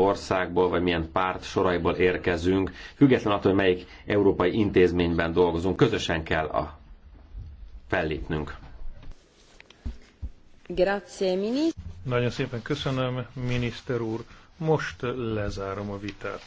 országból, vagy milyen párt soraiból érkezünk, független attól, hogy melyik európai intézményben dolgozunk, közösen kell a fellépnünk. Grazie, Nagyon szépen köszönöm, miniszter úr. Most lezárom a vitát.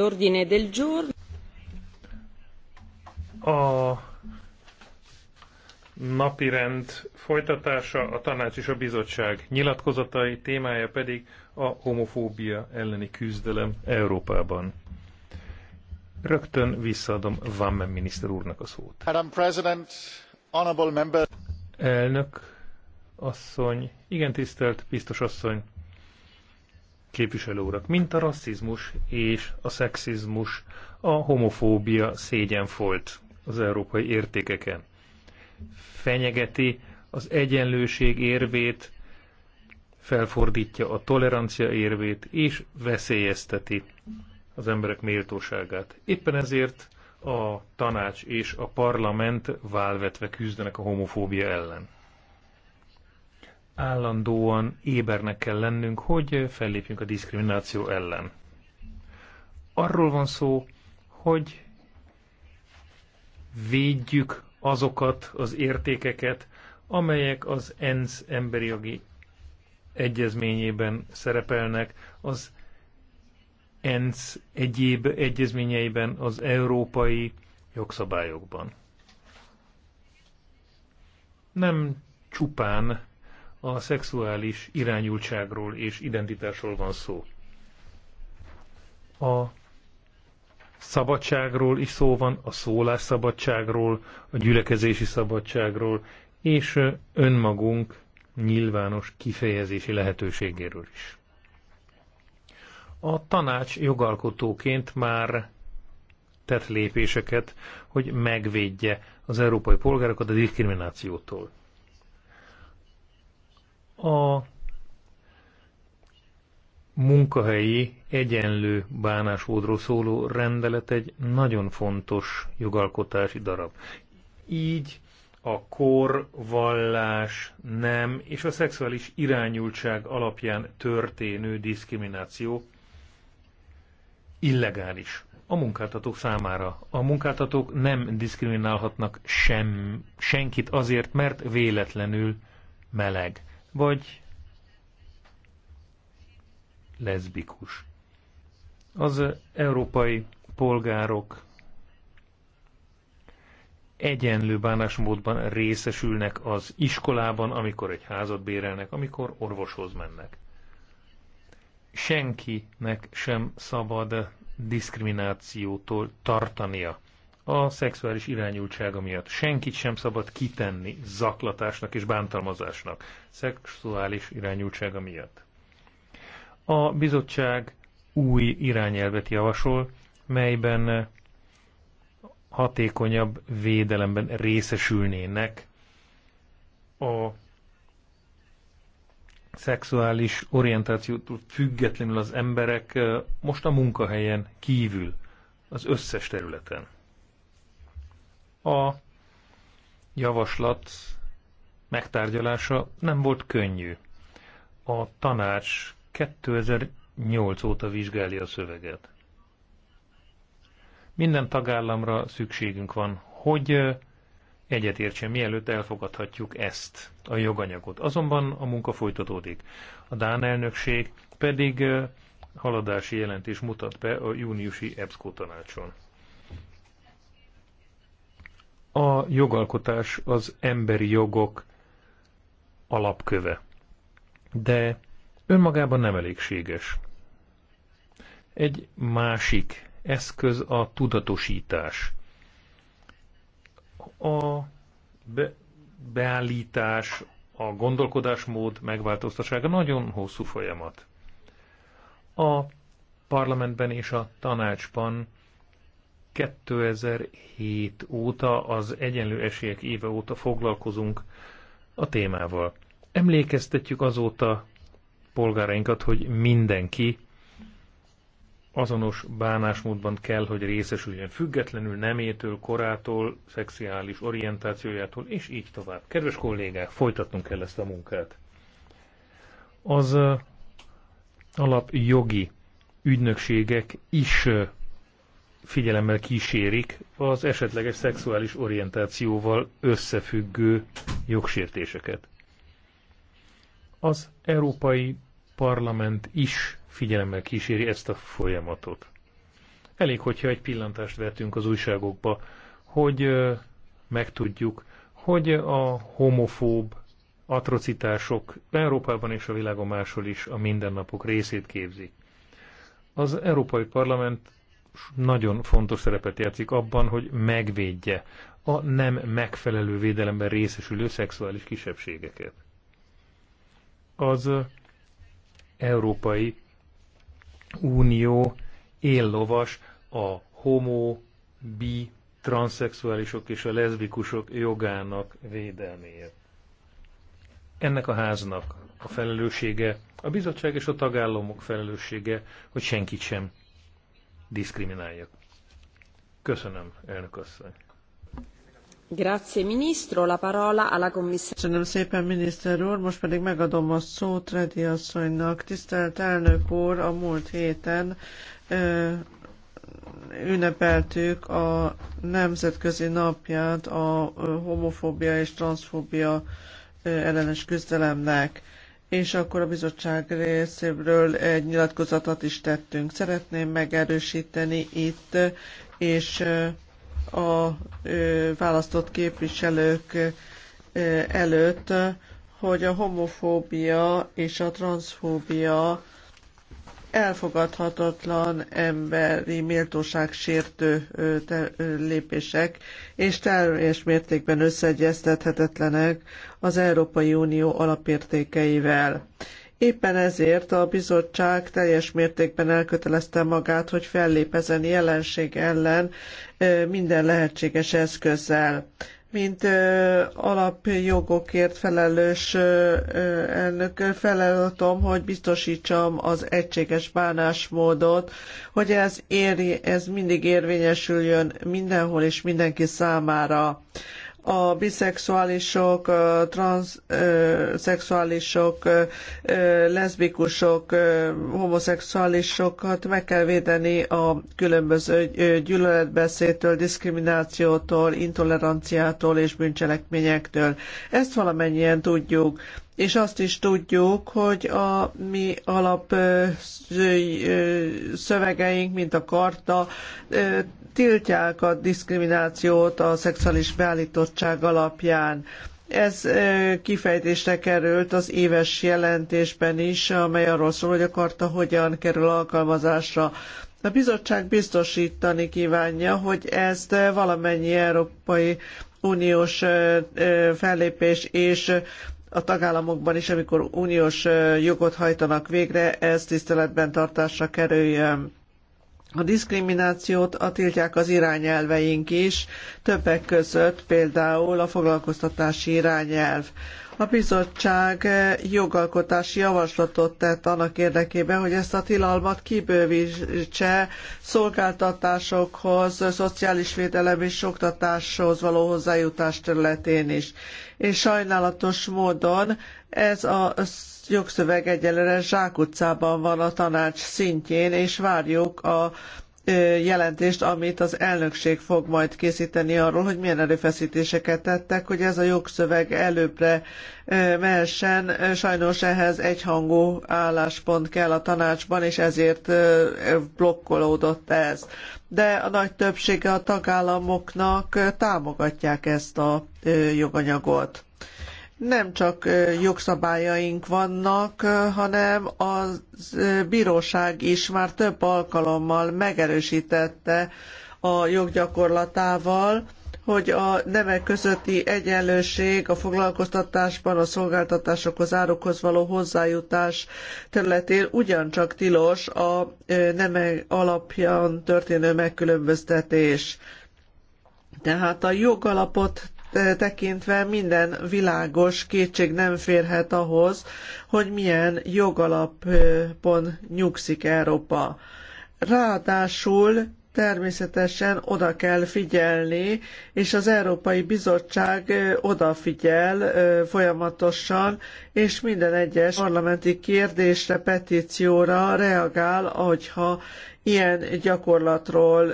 L'ordine del giorno. A napirend folytatása a tanács és a bizottság nyilatkozatai témája pedig a homofóbia elleni küzdelem Európában. Rögtön visszaadom Vammen miniszter úrnak a szót. Madam President, honorable member. Elnök asszony, igen tisztelt biztos asszony, képviselő urak, mint a rasszizmus és a szexizmus, a homofóbia szégyen folyt az európai értékeken. Fenyegeti az egyenlőség érvét, felfordítja a tolerancia érvét, és veszélyezteti az emberek méltóságát. Éppen ezért a tanács és a parlament válvetve küzdenek a homofóbia ellen állandóan ébernek kell lennünk, hogy fellépjünk a diszkrimináció ellen. Arról van szó, hogy védjük azokat az értékeket, amelyek az ENSZ emberi jogi egyezményében szerepelnek, az ENSZ egyéb egyezményeiben, az európai jogszabályokban. Nem csupán a szexuális irányultságról és identitásról van szó. A szabadságról is szó van, a szólásszabadságról, a gyülekezési szabadságról, és önmagunk nyilvános kifejezési lehetőségéről is. A tanács jogalkotóként már tett lépéseket, hogy megvédje az európai polgárokat a diszkriminációtól a munkahelyi egyenlő bánásmódról szóló rendelet egy nagyon fontos jogalkotási darab. Így a kor, vallás, nem és a szexuális irányultság alapján történő diszkrimináció illegális a munkáltatók számára. A munkáltatók nem diszkriminálhatnak sem, senkit azért, mert véletlenül meleg vagy leszbikus. Az európai polgárok egyenlő bánásmódban részesülnek az iskolában, amikor egy házat bérelnek, amikor orvoshoz mennek. Senkinek sem szabad diszkriminációtól tartania a szexuális irányultsága miatt. Senkit sem szabad kitenni zaklatásnak és bántalmazásnak szexuális irányultsága miatt. A bizottság új irányelvet javasol, melyben hatékonyabb védelemben részesülnének a szexuális orientációtól függetlenül az emberek eh, most a munkahelyen kívül, az összes területen. A javaslat megtárgyalása nem volt könnyű. A tanács 2008 óta vizsgálja a szöveget. Minden tagállamra szükségünk van, hogy egyetértsen, mielőtt elfogadhatjuk ezt a joganyagot. Azonban a munka folytatódik. A Dán elnökség pedig haladási jelentés mutat be a júniusi EBSCO tanácson a jogalkotás az emberi jogok alapköve. De önmagában nem elégséges. Egy másik eszköz a tudatosítás. A be, beállítás, a gondolkodásmód megváltoztatása nagyon hosszú folyamat. A parlamentben és a tanácsban 2007 óta, az egyenlő esélyek éve óta foglalkozunk a témával. Emlékeztetjük azóta polgárainkat, hogy mindenki azonos bánásmódban kell, hogy részesüljön, függetlenül nemétől, korától, szexuális orientációjától, és így tovább. Kedves kollégák, folytatnunk kell ezt a munkát. Az alapjogi ügynökségek is figyelemmel kísérik az esetleges szexuális orientációval összefüggő jogsértéseket. Az Európai Parlament is figyelemmel kíséri ezt a folyamatot. Elég, hogyha egy pillantást vetünk az újságokba, hogy megtudjuk, hogy a homofób atrocitások Európában és a világon máshol is a mindennapok részét képzik. Az Európai Parlament nagyon fontos szerepet játszik abban, hogy megvédje a nem megfelelő védelemben részesülő szexuális kisebbségeket. Az Európai Unió éllovas a homo, bi, transzexuálisok és a leszbikusok jogának védelméért. Ennek a háznak a felelőssége, a bizottság és a tagállamok felelőssége, hogy senkit sem diszkrimináljak. Köszönöm, elnök asszony. Grazie, ministro. La parola alla Köszönöm szépen, miniszter úr. Most pedig megadom a szót Redi asszonynak. Tisztelt elnök úr, a múlt héten ö, ünnepeltük a nemzetközi napját a homofóbia és transzfóbia ellenes küzdelemnek és akkor a bizottság részéről egy nyilatkozatot is tettünk. Szeretném megerősíteni itt, és a választott képviselők előtt, hogy a homofóbia és a transzfóbia elfogadhatatlan emberi méltóság sértő lépések, és teljes mértékben összeegyeztethetetlenek az Európai Unió alapértékeivel. Éppen ezért a bizottság teljes mértékben elkötelezte magát, hogy fellép ezen jelenség ellen minden lehetséges eszközzel mint ö, alapjogokért felelős ö, elnök feladatom, hogy biztosítsam az egységes bánásmódot, hogy ez, éri, ez mindig érvényesüljön mindenhol és mindenki számára. Ö, a biszexuálisok, a transzszexuálisok, leszbikusok, homoszexuálisokat meg kell védeni a különböző gyűlöletbeszédtől, diszkriminációtól, intoleranciától és bűncselekményektől. Ezt valamennyien tudjuk és azt is tudjuk, hogy a mi alap szövegeink, mint a karta, tiltják a diszkriminációt a szexuális beállítottság alapján. Ez kifejtésre került az éves jelentésben is, amely arról szól, hogy a karta hogyan kerül alkalmazásra. A bizottság biztosítani kívánja, hogy ezt valamennyi Európai Uniós fellépés és a tagállamokban is, amikor uniós jogot hajtanak végre, ez tiszteletben tartásra kerüljön. A diszkriminációt a tiltják az irányelveink is, többek között például a foglalkoztatási irányelv. A bizottság jogalkotási javaslatot tett annak érdekében, hogy ezt a tilalmat kibővítse szolgáltatásokhoz, szociális védelem és oktatáshoz való hozzájutás területén is és sajnálatos módon ez a jogszöveg egyelőre zsákutcában van a tanács szintjén, és várjuk a jelentést, amit az elnökség fog majd készíteni arról, hogy milyen erőfeszítéseket tettek, hogy ez a jogszöveg előbbre mehessen. Sajnos ehhez egyhangú álláspont kell a tanácsban, és ezért blokkolódott ez. De a nagy többsége a tagállamoknak támogatják ezt a joganyagot nem csak jogszabályaink vannak, hanem a bíróság is már több alkalommal megerősítette a joggyakorlatával, hogy a nemek közötti egyenlőség a foglalkoztatásban, a szolgáltatásokhoz, árukhoz való hozzájutás területén ugyancsak tilos a nemek alapján történő megkülönböztetés. Tehát a jogalapot tekintve minden világos kétség nem férhet ahhoz, hogy milyen jogalapon nyugszik Európa. Ráadásul természetesen oda kell figyelni, és az Európai Bizottság odafigyel folyamatosan, és minden egyes parlamenti kérdésre, petícióra reagál, ahogyha ilyen gyakorlatról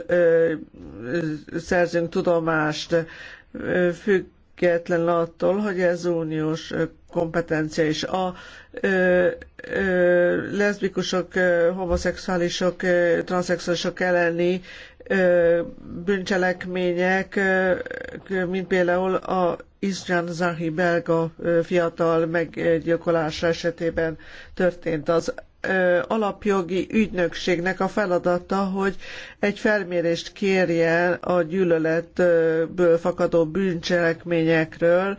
szerzünk tudomást független attól, hogy ez uniós kompetencia is. A ö, ö, leszbikusok, homoszexuálisok, transzexuálisok elleni ö, bűncselekmények, mint például a Isjan Zahi belga fiatal meggyilkolása esetében történt. Az alapjogi ügynökségnek a feladata, hogy egy felmérést kérjen a gyűlöletből fakadó bűncselekményekről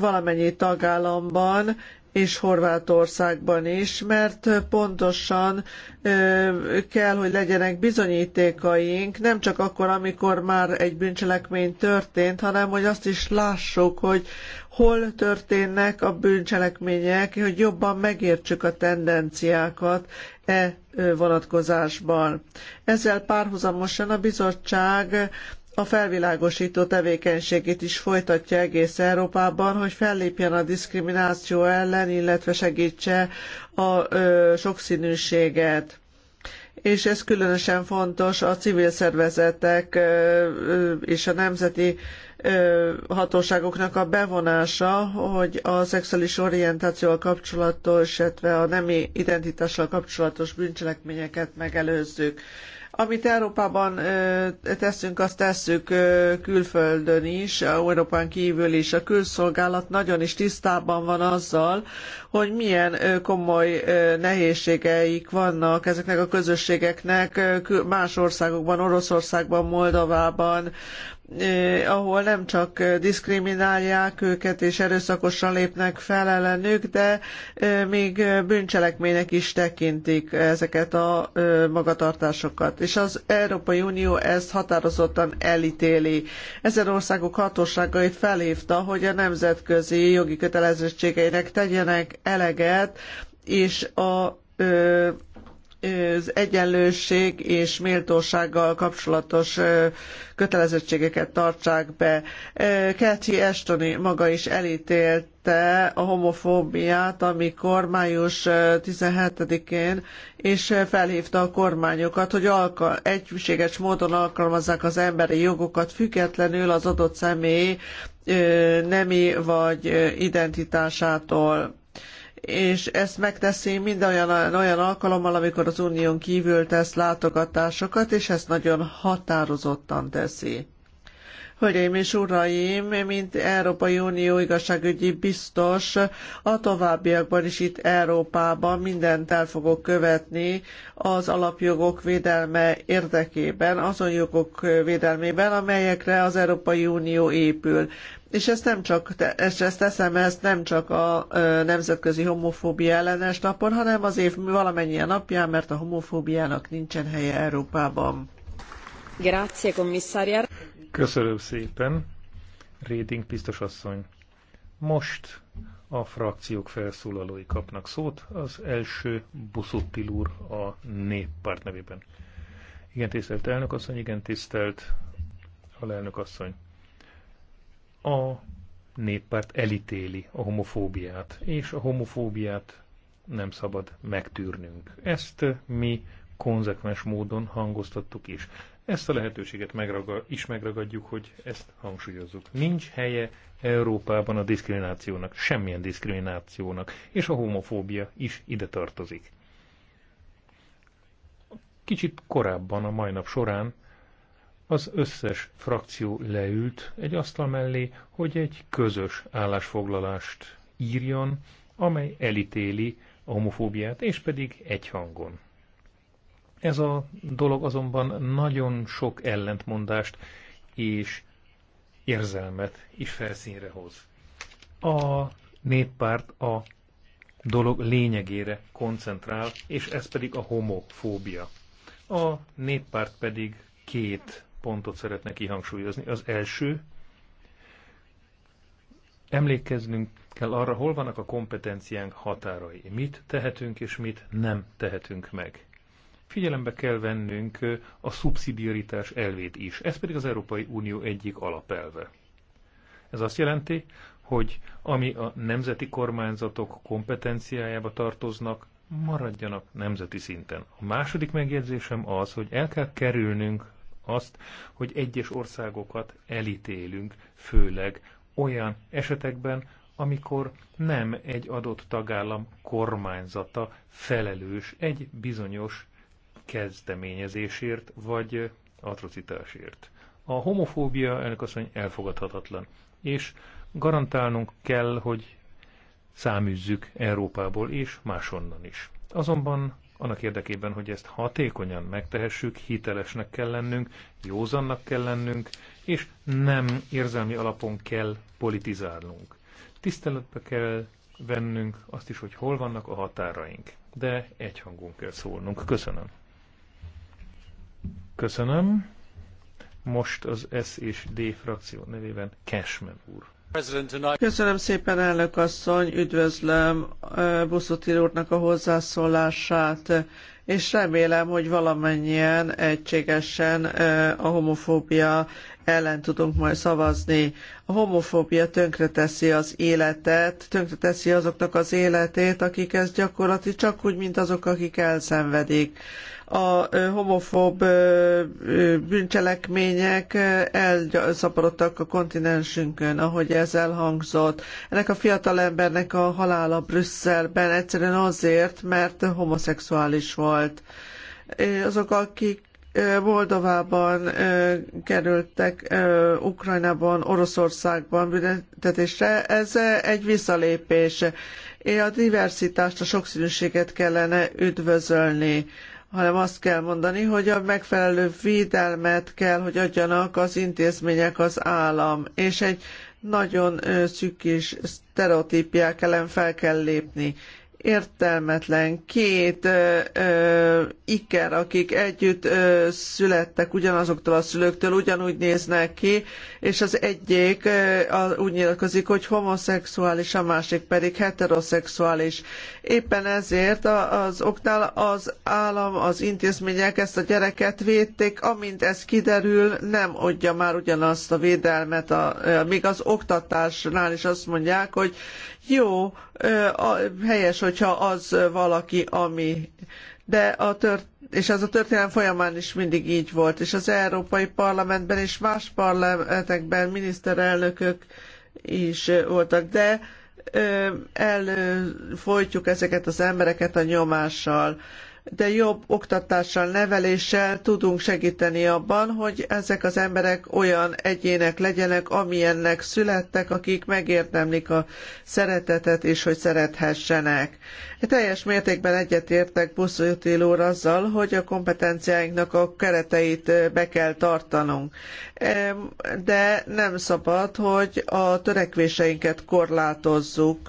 valamennyi tagállamban, és Horvátországban is, mert pontosan kell, hogy legyenek bizonyítékaink, nem csak akkor, amikor már egy bűncselekmény történt, hanem hogy azt is lássuk, hogy hol történnek a bűncselekmények, hogy jobban megértsük a tendenciákat e vonatkozásban. Ezzel párhuzamosan a bizottság a felvilágosító tevékenységét is folytatja egész Európában, hogy fellépjen a diszkrimináció ellen, illetve segítse a ö, sokszínűséget és ez különösen fontos a civil szervezetek és a nemzeti hatóságoknak a bevonása, hogy a szexuális orientációval kapcsolatos, illetve a nemi identitással kapcsolatos bűncselekményeket megelőzzük. Amit Európában teszünk, azt tesszük külföldön is, Európán kívül is. A külszolgálat nagyon is tisztában van azzal, hogy milyen komoly nehézségeik vannak ezeknek a közösségeknek más országokban, Oroszországban, Moldovában, ahol nem csak diszkriminálják őket és erőszakosan lépnek fel ellenük, de még bűncselekménynek is tekintik ezeket a magatartásokat. És az Európai Unió ezt határozottan elítéli. Ezen országok hatóságait felhívta, hogy a nemzetközi jogi kötelezettségeinek tegyenek eleget, és a az egyenlőség és méltósággal kapcsolatos kötelezettségeket tartsák be. Kathy Estoni maga is elítélte a homofóbiát, amikor május 17-én, és felhívta a kormányokat, hogy alka- egységes módon alkalmazzák az emberi jogokat, függetlenül az adott személy nemi vagy identitásától és ezt megteszi minden olyan, olyan alkalommal, amikor az unión kívül tesz látogatásokat, és ezt nagyon határozottan teszi. Hölgyeim és uraim, mint Európai Unió igazságügyi biztos, a továbbiakban is itt Európában mindent el fogok követni az alapjogok védelme érdekében, azon jogok védelmében, amelyekre az Európai Unió épül. És ezt nem csak, és ezt teszem ezt nem csak a nemzetközi homofóbia ellenes napon, hanem az év valamennyien napján, mert a homofóbiának nincsen helye Európában. Grazie, commissariat. Köszönöm szépen, Réding biztos asszony. Most a frakciók felszólalói kapnak szót. Az első Buszottil úr a néppárt nevében. Igen, tisztelt elnök asszony, igen, tisztelt alelnök asszony. A néppárt elítéli a homofóbiát, és a homofóbiát nem szabad megtűrnünk. Ezt mi konzekvens módon hangoztattuk is. Ezt a lehetőséget megragad, is megragadjuk, hogy ezt hangsúlyozzuk. Nincs helye Európában a diszkriminációnak, semmilyen diszkriminációnak, és a homofóbia is ide tartozik. Kicsit korábban, a mai nap során az összes frakció leült egy asztal mellé, hogy egy közös állásfoglalást írjon, amely elítéli a homofóbiát, és pedig egy hangon. Ez a dolog azonban nagyon sok ellentmondást és érzelmet is felszínre hoz. A néppárt a dolog lényegére koncentrál, és ez pedig a homofóbia. A néppárt pedig két pontot szeretne kihangsúlyozni. Az első, emlékeznünk kell arra, hol vannak a kompetenciánk határai, mit tehetünk és mit nem tehetünk meg. Figyelembe kell vennünk a szubszidiaritás elvét is, ez pedig az Európai Unió egyik alapelve. Ez azt jelenti, hogy ami a nemzeti kormányzatok kompetenciájába tartoznak, maradjanak nemzeti szinten. A második megjegyzésem az, hogy el kell kerülnünk azt, hogy egyes országokat elítélünk, főleg olyan esetekben, amikor nem egy adott tagállam kormányzata felelős egy bizonyos kezdeményezésért vagy atrocitásért. A homofóbia, elnök asszony, elfogadhatatlan, és garantálnunk kell, hogy száműzzük Európából és másonnan is. Azonban annak érdekében, hogy ezt hatékonyan megtehessük, hitelesnek kell lennünk, józannak kell lennünk, és nem érzelmi alapon kell politizálnunk. Tiszteletbe kell vennünk azt is, hogy hol vannak a határaink, de hangunk kell szólnunk. Köszönöm. Köszönöm. Most az S és D frakció nevében Cashman úr. Köszönöm szépen, elnök asszony, üdvözlöm Buszotir úrnak a hozzászólását, és remélem, hogy valamennyien egységesen a homofóbia ellen tudunk majd szavazni. A homofóbia tönkreteszi az életet, tönkreteszi azoknak az életét, akik ezt gyakorlati csak úgy, mint azok, akik elszenvedik a homofób bűncselekmények elszaporodtak a kontinensünkön, ahogy ez elhangzott. Ennek a fiatal embernek a halála Brüsszelben egyszerűen azért, mert homoszexuális volt. Azok, akik Moldovában kerültek, Ukrajnában, Oroszországban büntetésre. Ez egy visszalépés. A diversitást, a sokszínűséget kellene üdvözölni hanem azt kell mondani, hogy a megfelelő védelmet kell, hogy adjanak az intézmények az állam, és egy nagyon szűk és sztereotípiák ellen fel kell lépni értelmetlen. Két ö, ö, iker, akik együtt ö, születtek ugyanazoktól a szülőktől, ugyanúgy néznek ki, és az egyik ö, a, úgy nyilatkozik, hogy homoszexuális, a másik pedig heteroszexuális. Éppen ezért a, az oknál az állam, az intézmények ezt a gyereket védték, amint ez kiderül, nem adja már ugyanazt a védelmet, a, a, még az oktatásnál is azt mondják, hogy jó, helyes, hogyha az valaki, ami. De a tört és ez a történelem folyamán is mindig így volt, és az Európai Parlamentben és más parlamentekben miniszterelnökök is voltak, de elfolytjuk ezeket az embereket a nyomással de jobb oktatással, neveléssel tudunk segíteni abban, hogy ezek az emberek olyan egyének legyenek, amilyennek születtek, akik megérdemlik a szeretetet és hogy szerethessenek. Teljes mértékben egyetértek Buszutil úr azzal, hogy a kompetenciáinknak a kereteit be kell tartanunk. De nem szabad, hogy a törekvéseinket korlátozzuk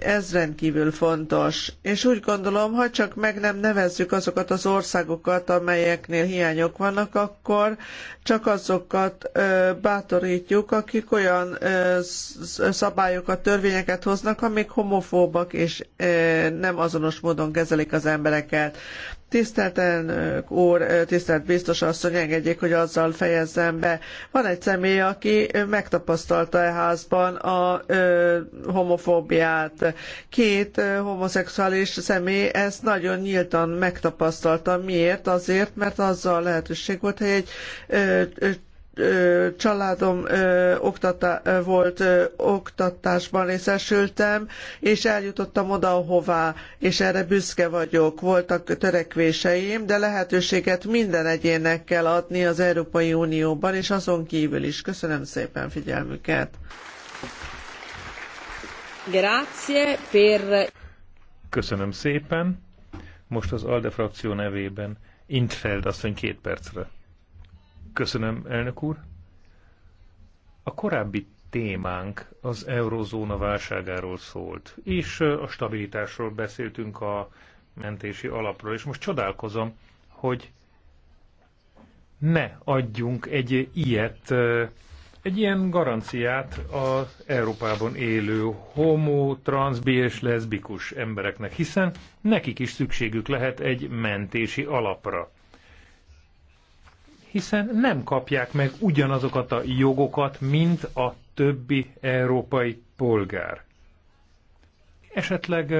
ez rendkívül fontos, és úgy gondolom, ha csak meg nem nevezzük azokat az országokat, amelyeknél hiányok vannak, akkor csak azokat ö, bátorítjuk, akik olyan szabályokat, törvényeket hoznak, amik homofóbak és nem azonos módon kezelik az embereket. Tisztelt elnök úr, tisztelt biztos asszony, engedjék, hogy azzal fejezzem be. Van egy személy, aki megtapasztalta e házban a ö, homofóbiát. Két ö, homoszexuális személy ezt nagyon nyíltan megtapasztalta. Miért? Azért, mert azzal lehetőség volt, hogy egy ö, családom oktata, volt oktatásban részesültem, és eljutottam oda, hová, és erre büszke vagyok. Voltak törekvéseim, de lehetőséget minden egyének kell adni az Európai Unióban, és azon kívül is. Köszönöm szépen figyelmüket! Grazie per... Köszönöm szépen! Most az ALDE frakció nevében Intfeld asszony két percre. Köszönöm, elnök úr. A korábbi témánk az eurozóna válságáról szólt, és a stabilitásról beszéltünk a mentési alapról, és most csodálkozom, hogy ne adjunk egy ilyet, egy ilyen garanciát az Európában élő homo, trans, bi és leszbikus embereknek, hiszen nekik is szükségük lehet egy mentési alapra hiszen nem kapják meg ugyanazokat a jogokat, mint a többi európai polgár. Esetleg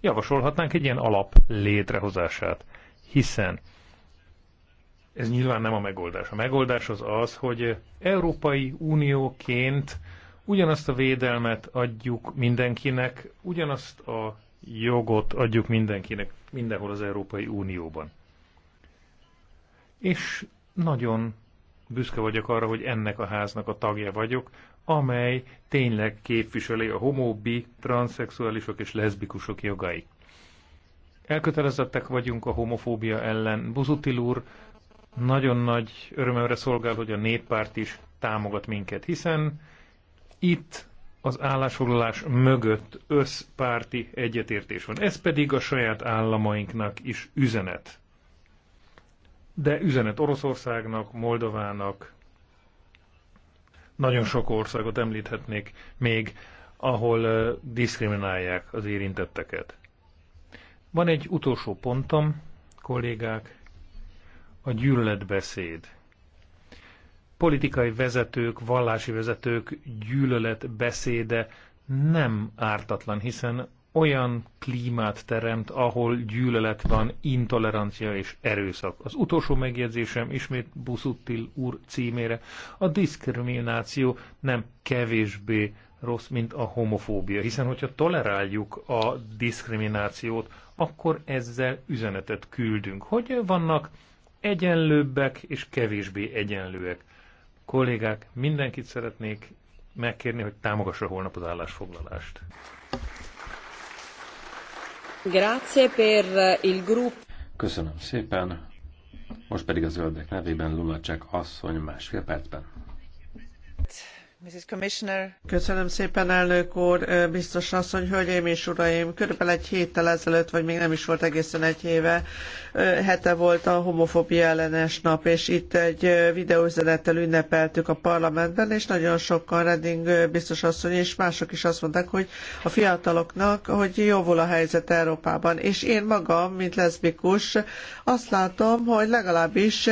javasolhatnánk egy ilyen alap létrehozását, hiszen ez nyilván nem a megoldás. A megoldás az az, hogy Európai Unióként ugyanazt a védelmet adjuk mindenkinek, ugyanazt a jogot adjuk mindenkinek, mindenhol az Európai Unióban és nagyon büszke vagyok arra, hogy ennek a háznak a tagja vagyok, amely tényleg képviseli a homóbi, transzexuálisok és leszbikusok jogait. Elkötelezettek vagyunk a homofóbia ellen. Buzutil úr nagyon nagy örömömre szolgál, hogy a néppárt is támogat minket, hiszen itt az állásfoglalás mögött összpárti egyetértés van. Ez pedig a saját államainknak is üzenet de üzenet Oroszországnak, Moldovának, nagyon sok országot említhetnék még, ahol diszkriminálják az érintetteket. Van egy utolsó pontom, kollégák, a gyűlöletbeszéd. Politikai vezetők, vallási vezetők gyűlöletbeszéde nem ártatlan, hiszen olyan klímát teremt, ahol gyűlölet van, intolerancia és erőszak. Az utolsó megjegyzésem ismét Buszuttil úr címére. A diszkrimináció nem kevésbé rossz, mint a homofóbia, hiszen hogyha toleráljuk a diszkriminációt, akkor ezzel üzenetet küldünk, hogy vannak egyenlőbbek és kevésbé egyenlőek. Kollégák, mindenkit szeretnék megkérni, hogy támogassa holnap az állásfoglalást. Eh, Köszönöm szépen. Most pedig a zöldek nevében Lunacek asszony másfél percben. Köszönöm szépen, elnök úr, biztos asszony, hölgyeim és uraim! Körülbelül egy héttel ezelőtt, vagy még nem is volt egészen egy éve, hete volt a homofóbia ellenes nap, és itt egy videóüzenettel ünnepeltük a parlamentben, és nagyon sokan Reding biztos asszony és mások is azt mondták, hogy a fiataloknak, hogy javul a helyzet Európában. És én magam, mint leszbikus, azt látom, hogy legalábbis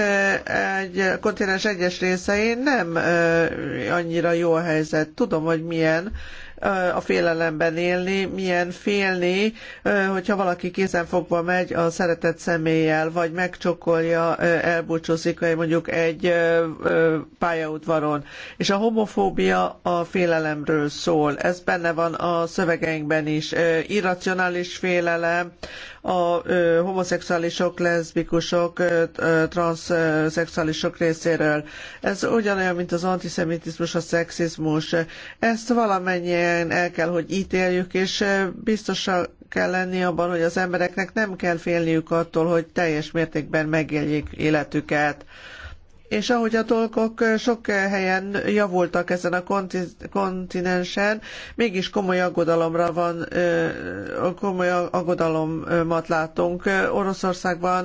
egy kontinens egyes részein nem annyira jó a helyzet. Tudom, hogy milyen a félelemben élni, milyen félni, hogyha valaki kézenfogva megy a szeretett személlyel, vagy megcsokolja, elbúcsúzik mondjuk egy pályaudvaron. És a homofóbia a félelemről szól. Ez benne van a szövegeinkben is. Irracionális félelem, a homoszexuálisok, leszbikusok, transzszexuálisok részéről. Ez ugyanolyan, mint az antiszemitizmus, a szexizmus. Ezt valamennyi amelyen el kell, hogy ítéljük, és biztosan kell lenni abban, hogy az embereknek nem kell félniük attól, hogy teljes mértékben megéljék életüket. És ahogy a dolgok sok helyen javultak ezen a kontinensen, mégis komoly aggodalomra van, komoly aggodalomat látunk. Oroszországban,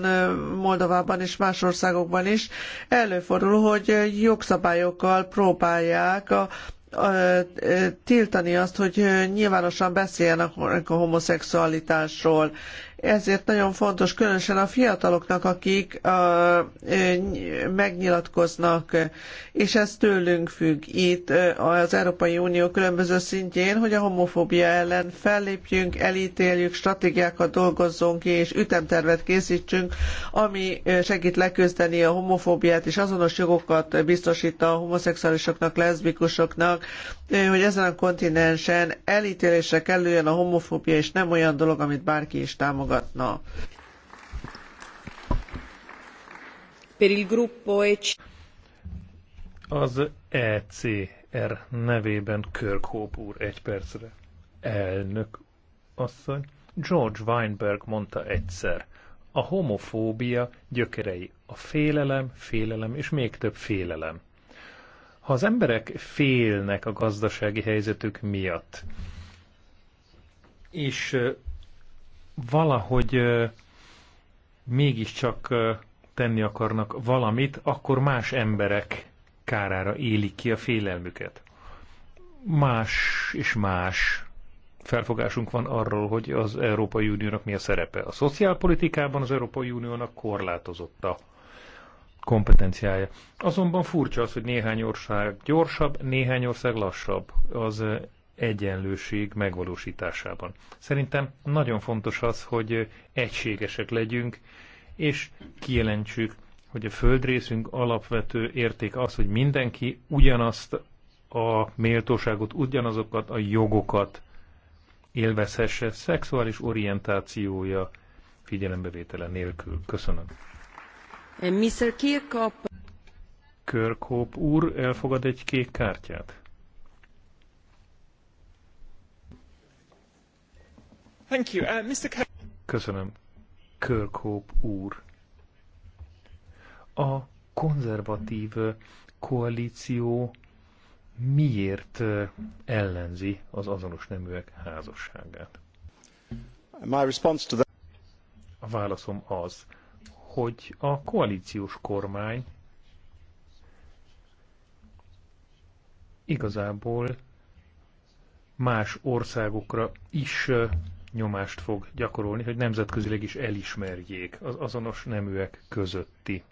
Moldovában és más országokban is előfordul, hogy jogszabályokkal próbálják a tiltani azt, hogy nyilvánosan beszéljenek a homoszexualitásról. Ezért nagyon fontos, különösen a fiataloknak, akik megnyilatkoznak, és ez tőlünk függ itt az Európai Unió különböző szintjén, hogy a homofóbia ellen fellépjünk, elítéljük, stratégiákat dolgozzunk ki, és ütemtervet készítsünk, ami segít leküzdeni a homofóbiát, és azonos jogokat biztosít a homoszexuálisoknak, leszbikusoknak, hogy ezen a kontinensen elítélésre kellően a homofóbia, és nem olyan dolog, amit bárki is támogatna. E Az ECR nevében Kirkhope úr egy percre. Elnök asszony. George Weinberg mondta egyszer, a homofóbia gyökerei a félelem, félelem és még több félelem. Ha az emberek félnek a gazdasági helyzetük miatt, és valahogy mégiscsak tenni akarnak valamit, akkor más emberek kárára élik ki a félelmüket. Más és más felfogásunk van arról, hogy az Európai Uniónak mi a szerepe. A szociálpolitikában az Európai Uniónak korlátozott a kompetenciája. Azonban furcsa az, hogy néhány ország gyorsabb, néhány ország lassabb az egyenlőség megvalósításában. Szerintem nagyon fontos az, hogy egységesek legyünk, és kijelentsük, hogy a földrészünk alapvető érték az, hogy mindenki ugyanazt a méltóságot, ugyanazokat a jogokat élvezhesse szexuális orientációja figyelembevétele nélkül. Köszönöm. Eh, Mr. Kirkhope. úr elfogad egy kék kártyát. Thank you. Uh, Mr. Köszönöm. Kirkhope úr. A konzervatív eh, koalíció miért eh, ellenzi az azonos neműek házasságát? My response to that... A válaszom az, hogy a koalíciós kormány igazából más országokra is nyomást fog gyakorolni, hogy nemzetközileg is elismerjék az azonos neműek közötti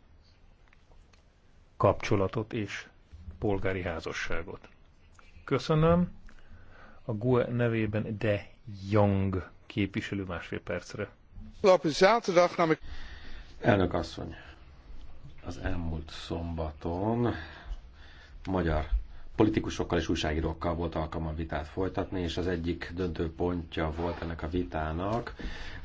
kapcsolatot és polgári házasságot. Köszönöm. A GUE nevében De Young képviselő másfél percre. Elnök asszony, az elmúlt szombaton magyar politikusokkal és újságírókkal volt alkalma vitát folytatni, és az egyik döntő pontja volt ennek a vitának,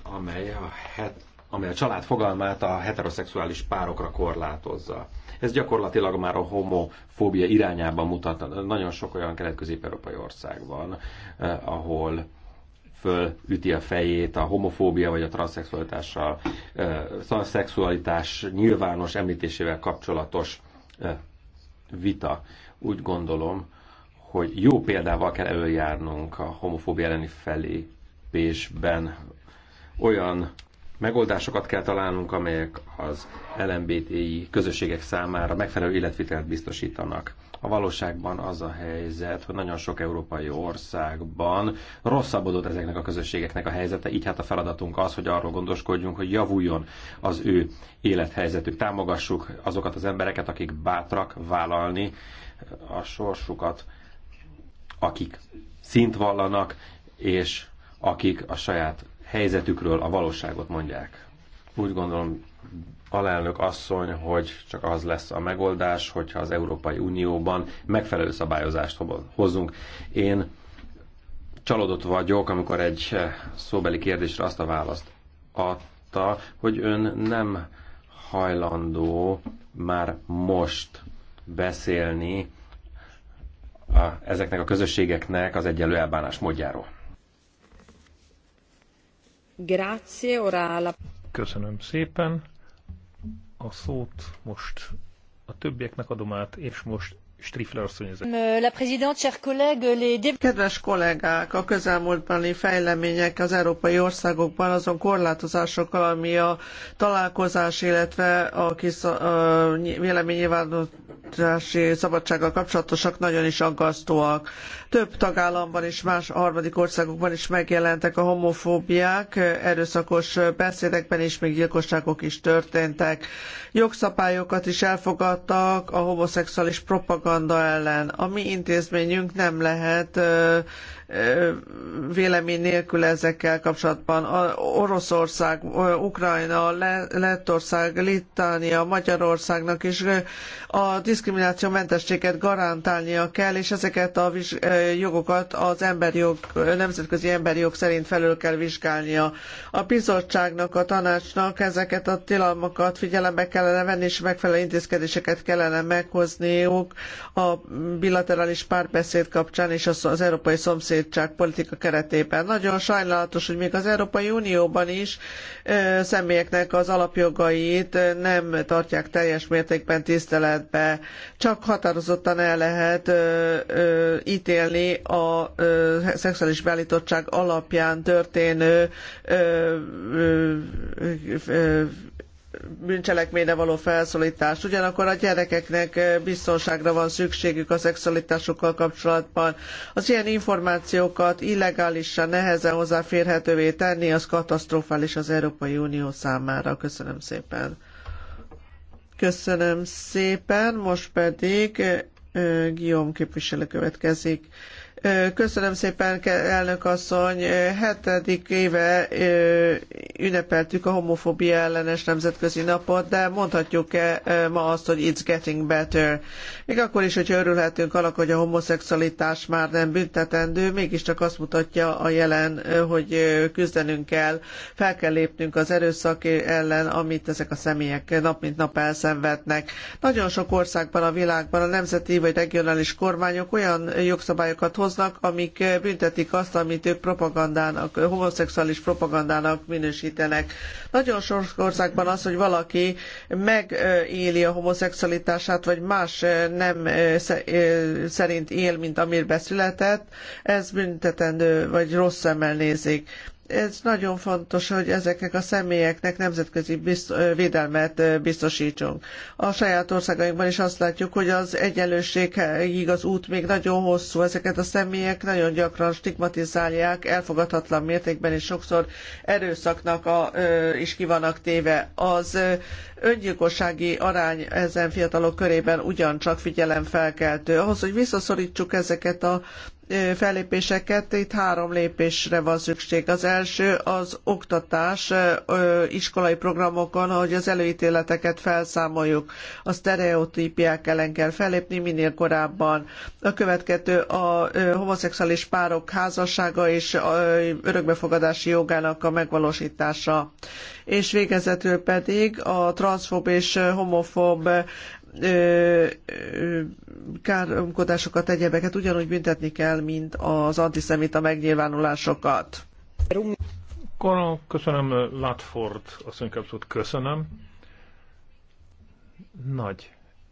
amely a, het, amely a család fogalmát a heteroszexuális párokra korlátozza. Ez gyakorlatilag már a homofóbia irányában mutat. Nagyon sok olyan kelet-közép-európai ország van, eh, ahol fölüti a fejét a homofóbia vagy a transzexualitással, transzexualitás nyilvános említésével kapcsolatos vita. Úgy gondolom, hogy jó példával kell előjárnunk a homofóbia elleni felépésben. Olyan megoldásokat kell találnunk, amelyek az LMBTI közösségek számára megfelelő életvitelt biztosítanak. A valóságban az a helyzet, hogy nagyon sok európai országban rosszabbodott ezeknek a közösségeknek a helyzete, így hát a feladatunk az, hogy arról gondoskodjunk, hogy javuljon az ő élethelyzetük. Támogassuk azokat az embereket, akik bátrak vállalni a sorsukat, akik szint vallanak, és akik a saját helyzetükről a valóságot mondják. Úgy gondolom, alelnök asszony, hogy csak az lesz a megoldás, hogyha az Európai Unióban megfelelő szabályozást hozunk. Én csalódott vagyok, amikor egy eh, szóbeli kérdésre azt a választ adta, hogy ön nem hajlandó már most beszélni a, ezeknek a közösségeknek az egyenlő elbánás módjáról. Grazie, ora la... Köszönöm szépen. A szót most a többieknek adom át, és most Strifler Kedves kollégák, a közelmúltbeli fejlemények az európai országokban azon korlátozásokkal, ami a találkozás, illetve a kis a véleménynyilvánítási szabadsággal kapcsolatosak, nagyon is aggasztóak több tagállamban és más harmadik országokban is megjelentek a homofóbiák, erőszakos beszédekben és még gyilkosságok is történtek. Jogszabályokat is elfogadtak a homoszexuális propaganda ellen. A mi intézményünk nem lehet vélemény nélkül ezekkel kapcsolatban. Oroszország, Ukrajna, Lettország, Littánia, Magyarországnak is a diszkrimináció mentességet garantálnia kell, és ezeket a jogokat az emberi jog, nemzetközi emberi jog szerint felül kell vizsgálnia. A bizottságnak, a tanácsnak ezeket a tilalmakat figyelembe kellene venni, és megfelelő intézkedéseket kellene meghozniuk a bilaterális párbeszéd kapcsán és az, az európai szomszéd megvalósítsák politika keretében. Nagyon sajnálatos, hogy még az Európai Unióban is ö, személyeknek az alapjogait nem tartják teljes mértékben tiszteletbe. Csak határozottan el lehet ö, ö, ítélni a ö, szexuális beállítottság alapján történő ö, ö, ö, bűncselekményre való felszólítás. Ugyanakkor a gyerekeknek eh, biztonságra van szükségük a szexualitásukkal kapcsolatban. Az ilyen információkat illegálisan nehezen hozzáférhetővé tenni, az katasztrofális az Európai Unió számára. Köszönöm szépen. Köszönöm szépen, most pedig eh, Guillaume képviselő következik. Köszönöm szépen, elnök asszony. Hetedik éve ünnepeltük a homofóbia ellenes nemzetközi napot, de mondhatjuk-e ma azt, hogy it's getting better. Még akkor is, hogy örülhetünk annak, hogy a homoszexualitás már nem büntetendő, mégiscsak azt mutatja a jelen, hogy küzdenünk kell, fel kell lépnünk az erőszak ellen, amit ezek a személyek nap mint nap elszenvednek. Nagyon sok országban a világban a nemzeti vagy regionális kormányok olyan jogszabályokat hoznak, hoznak, amik büntetik azt, amit ők propagandának, homoszexuális propagandának minősítenek. Nagyon sok országban az, hogy valaki megéli a homoszexualitását, vagy más nem szerint él, mint amire született, ez büntetendő, vagy rossz szemmel nézik ez nagyon fontos, hogy ezeknek a személyeknek nemzetközi bizt- védelmet biztosítsunk. A saját országainkban is azt látjuk, hogy az egyenlőségig az út még nagyon hosszú. Ezeket a személyek nagyon gyakran stigmatizálják, elfogadhatatlan mértékben, és sokszor erőszaknak a, is ki vannak téve. Az öngyilkossági arány ezen fiatalok körében ugyancsak figyelemfelkeltő. Ahhoz, hogy visszaszorítsuk ezeket a fellépéseket, itt három lépésre van szükség. Az első az oktatás iskolai programokon, hogy az előítéleteket felszámoljuk. A sztereotípiák ellen kell fellépni minél korábban. A következő a homoszexuális párok házassága és örökbefogadási jogának a megvalósítása. És végezetül pedig a trans transzfób és homofób káromkodásokat, egyebeket ugyanúgy büntetni kell, mint az antiszemita megnyilvánulásokat. Köszönöm, Latford a kapszót köszönöm. Nagy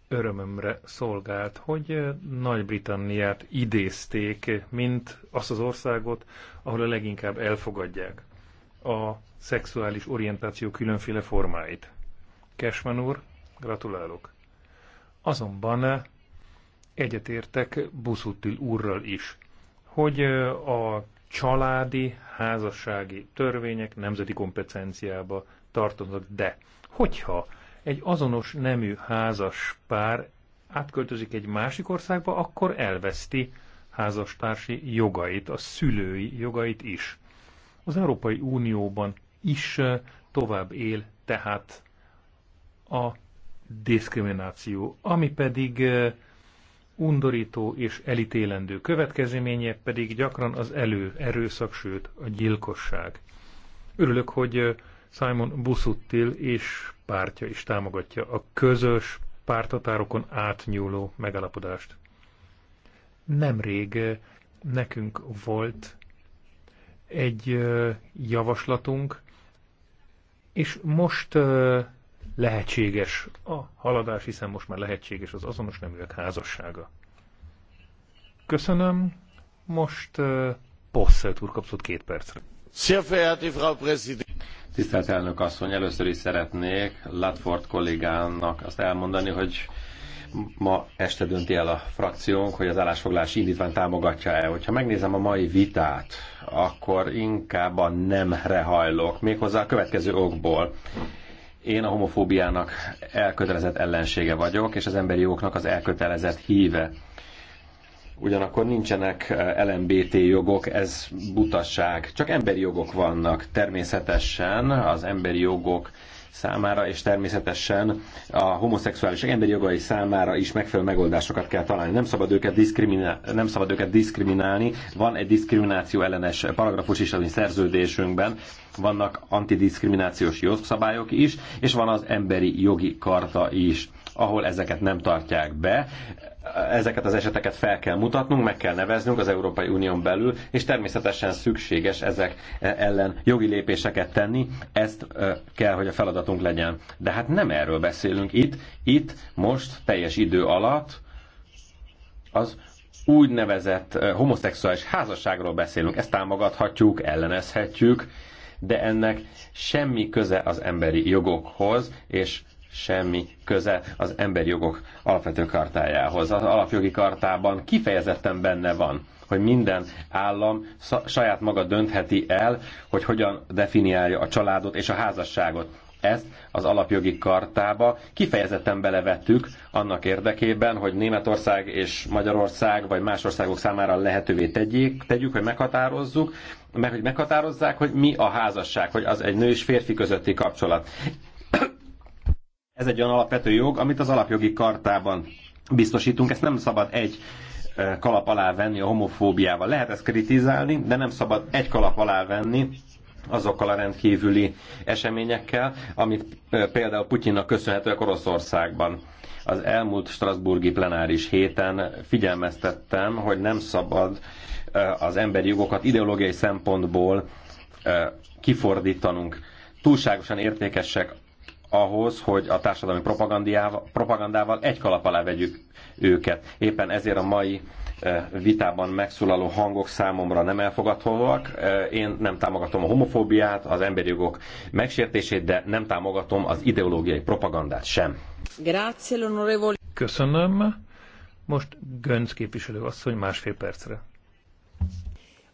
örömömre szolgált, hogy Nagy-Britanniát idézték, mint azt az országot, ahol a leginkább elfogadják a szexuális orientáció különféle formáit. Kesman úr, gratulálok. Azonban eh, egyetértek Buszutil úrral is, hogy eh, a családi, házassági törvények nemzeti kompetenciába tartoznak, de hogyha egy azonos nemű házas pár átköltözik egy másik országba, akkor elveszti házastársi jogait, a szülői jogait is. Az Európai Unióban is eh, tovább él tehát a diszkrimináció, ami pedig undorító és elítélendő következménye pedig gyakran az elő, erőszak, sőt a gyilkosság. Örülök, hogy Simon Busuttil és pártja is támogatja a közös pártatárokon átnyúló megalapodást. Nemrég nekünk volt egy javaslatunk, és most lehetséges a haladás, hiszen most már lehetséges az azonos neműek házassága. Köszönöm. Most uh, Posselt úr kapszott két percre. Tisztelt elnök asszony, először is szeretnék Latford kollégának azt elmondani, hogy ma este dönti el a frakciónk, hogy az állásfoglalási indítvány támogatja-e. Hogyha megnézem a mai vitát, akkor inkább a nemre hajlok, méghozzá a következő okból. Én a homofóbiának elkötelezett ellensége vagyok, és az emberi jogoknak az elkötelezett híve. Ugyanakkor nincsenek eh, LMBT jogok, ez butaság. Csak emberi jogok vannak. Természetesen az emberi jogok számára, és természetesen a homoszexuális emberi jogai számára is megfelelő megoldásokat kell találni. Nem szabad őket, diszkriminál, nem szabad őket diszkriminálni. Van egy diszkrimináció ellenes paragrafus is a szerződésünkben, vannak antidiszkriminációs jogszabályok is, és van az emberi jogi karta is ahol ezeket nem tartják be. Ezeket az eseteket fel kell mutatnunk, meg kell neveznünk az Európai Unión belül, és természetesen szükséges ezek ellen jogi lépéseket tenni, ezt kell, hogy a feladatunk legyen. De hát nem erről beszélünk itt, itt most teljes idő alatt az úgynevezett homoszexuális házasságról beszélünk, ezt támogathatjuk, ellenezhetjük, de ennek semmi köze az emberi jogokhoz, és semmi köze az emberi jogok alapvető kartájához. Az alapjogi kartában kifejezetten benne van, hogy minden állam saját maga döntheti el, hogy hogyan definiálja a családot és a házasságot. Ezt az alapjogi kartába kifejezetten belevettük annak érdekében, hogy Németország és Magyarország vagy más országok számára lehetővé tegyék, tegyük, hogy meghatározzuk, meg hogy meghatározzák, hogy mi a házasság, hogy az egy nő és férfi közötti kapcsolat. Ez egy olyan alapvető jog, amit az alapjogi kartában biztosítunk. Ezt nem szabad egy kalap alá venni a homofóbiával. Lehet ezt kritizálni, de nem szabad egy kalap alá venni azokkal a rendkívüli eseményekkel, amit például Putyinnak köszönhetőek Oroszországban. Az elmúlt Strasburgi plenáris héten figyelmeztettem, hogy nem szabad az emberi jogokat ideológiai szempontból kifordítanunk. Túlságosan értékesek ahhoz, hogy a társadalmi propagandával egy kalap alá vegyük őket. Éppen ezért a mai eh, vitában megszólaló hangok számomra nem elfogadhatóak. Eh, én nem támogatom a homofóbiát, az emberi jogok megsértését, de nem támogatom az ideológiai propagandát sem. Köszönöm. Most Gönc képviselő asszony másfél percre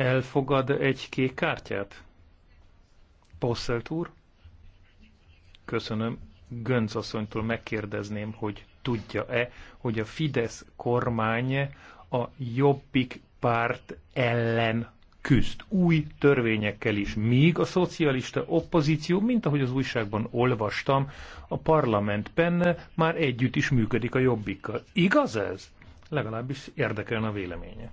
Elfogad egy kék kártyát? Posselt úr? Köszönöm. Gönc asszonytól megkérdezném, hogy tudja-e, hogy a Fidesz kormány a Jobbik párt ellen küzd új törvényekkel is, míg a szocialista opozíció, mint ahogy az újságban olvastam, a parlamentben már együtt is működik a jobbikkal. Igaz ez? Legalábbis érdekelne a véleménye